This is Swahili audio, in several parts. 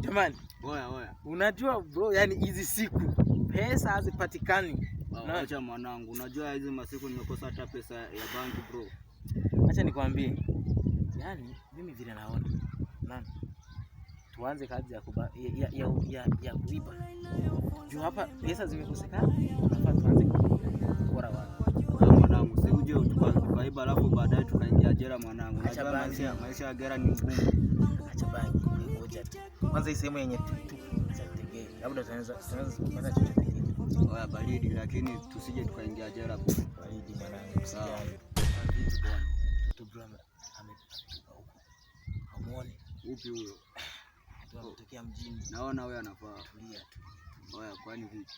Jamani, oya oya, unajua bro, yani hizi siku pesa hazipatikani. Acha mwanangu, unajua hizi masiku nimekosa hata pesa ya bank bro. Acha nikwambie, yani mimi vile naona nani, tuanze kazi ya kuba, ya, ya, ya, ya kuiba juu hapa pesa zimekosekana, tunafaa tuanze kukora alafu baadaye tukaingia jera mwanangu. Maisha ya gera ni ngumu. Acha bangi chochote. Kwanza hii sehemu yenye tutu za Tegei, labda tunaweza tunaweza kupata chochote kile. Oya baridi, lakini tusije tukaingia jela. Baridi mwanangu, sawa. bwana, Mtoto Brahma hamuoni upi huyo? Tunamtokea mjini, naona wewe anafaa. Tulia tu. Oya kwani vipi?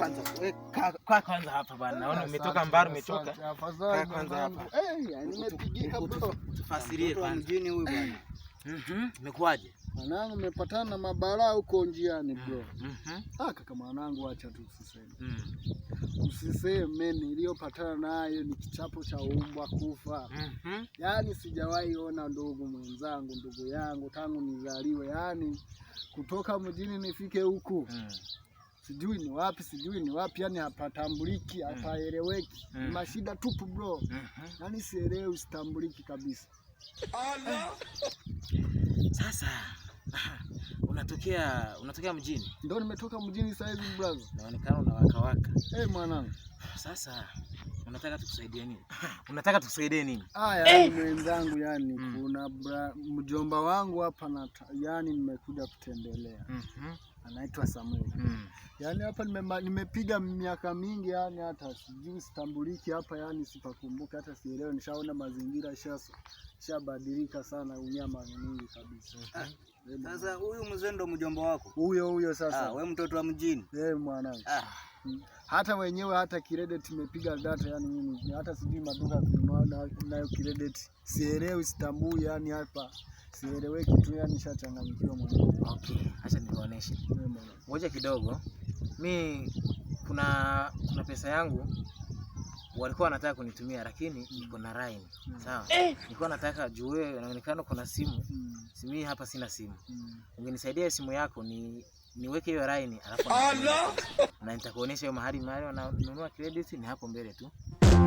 Weka kwanza. Weka kwanza hapa bwana. Eh, Naona umetoka mbali umechoka. Kaa kwanza hapa. Eh, nimepigika bro. Tufasirie kwanza. Mjini huyu bwana. Mhm. Mm-hmm. Mm-hmm. Imekuaje? Mwanangu nimepatana na mabalaa huko njiani bro. Mhm. Ah, kaka mwanangu acha tu usiseme. Mhm. Usiseme niliyopatana nayo ni kichapo cha umbwa kufa. Mhm. Yaani sijawahi ona ndugu mwenzangu, ndugu yangu tangu nizaliwe, yaani kutoka mjini nifike huku. Mhm sijui ni wapi, sijui ni wapi, yani hapatambuliki, mm. hapaeleweki. mm. mashida tupu bro. Yani mm-hmm. sielewi, sitambuliki kabisa. Sasa unatokea unatokea mjini? Ndio, nimetoka mjini sasa hivi brother. Naonekana unawaka waka. Eh, hey, mwanangu. Sasa unataka tukusaidie nini? Unataka tukusaidie nini? Aya, hey. Eh! Mwenzangu yani mm. kuna mjomba wangu hapa na yani nimekuja kutembelea. mm -hmm anaitwa Samuel mm. Yaani hapa nimepiga miaka mingi, yani hata sijui sitambuliki hapa, yani sipakumbuka hata sielewe. Nishaona mazingira shabadilika sana, unyama mwingi kabisa. Sasa huyu mzee ndo mjomba wako huyo huyo? Sasa wewe ah, mtoto wa mjini eh, mwanangu. Ah hata wenyewe hata Kiredet imepiga data, yani mimi hata sijui maduka nayo Kiredet sielewi, sitambui, yani hapa sieleweki tu, yani shachanganyikiwa mwenyewe. Okay, acha nikuoneshe moja kidogo. Mi kuna kuna pesa yangu walikuwa wanataka kunitumia lakini niko mm. na line mm. sawa. Nilikuwa nataka juu wewe inaonekana kuna simu, mm. simu hii hapa, sina simu, ungenisaidia simu yako ni niweke hiyo line alafu na nitakuonesha hiyo mahali mahali wananunua credit ni hapo mbele tu.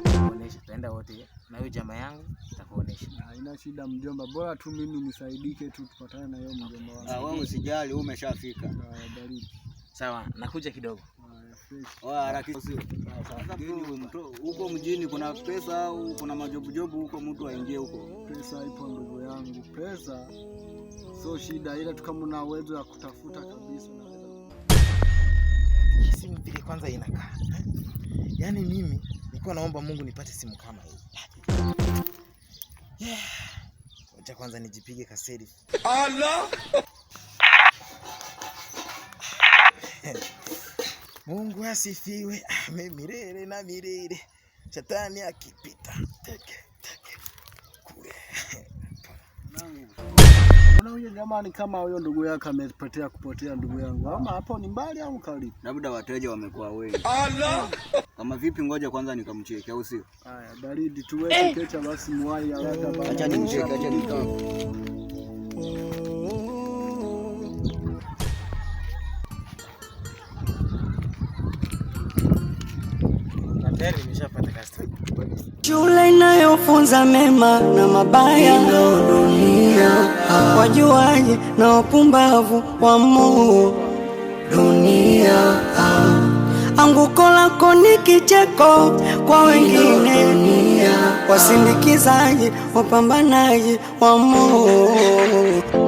Nitakuonesha, tutaenda wote na hiyo jamaa yangu nitakuonesha. Haina shida mjomba, bora tu mimi nisaidike tu, tupatane na hiyo mjomba wangu. Ah, wewe usijali, umeshafika. Ah, Sawa, nakuja kidogo. Oh, huko mjini kuna pesa au kuna majobujobu huko, mtu aingie huko? Pesa ipo ndugu yangu, pesa sio shida, ila tu kama una uwezo ya kutafuta kabisa. Simu vile kwanza inakaa, yaani mimi nilikuwa naomba Mungu nipate simu kama hii yeah. Wacha kwanza nijipige kaseri. Allah Mungu asifiwe. Amen. Ah, milele na milele. Shetani akipita. Teke, teke. Kule. Kuna huyo jamani, kama huyo ndugu yako amepotea kupotea, ndugu yangu, ama hapo ni mbali au karibu? Labda wateja wamekuwa wengi. Allah. Kama vipi, ngoja kwanza nikamcheke, au sio? Haya, baridi tuweke kecha eh! basi, mwai haraka basi. Acha nimcheke, acha nikaa. Shule inayofunza mema na mabaya, wajuaji na wapumbavu wamo dunia. Anguko lako ni kicheko kwa wengine, wasindikizaji wapambanaji wamo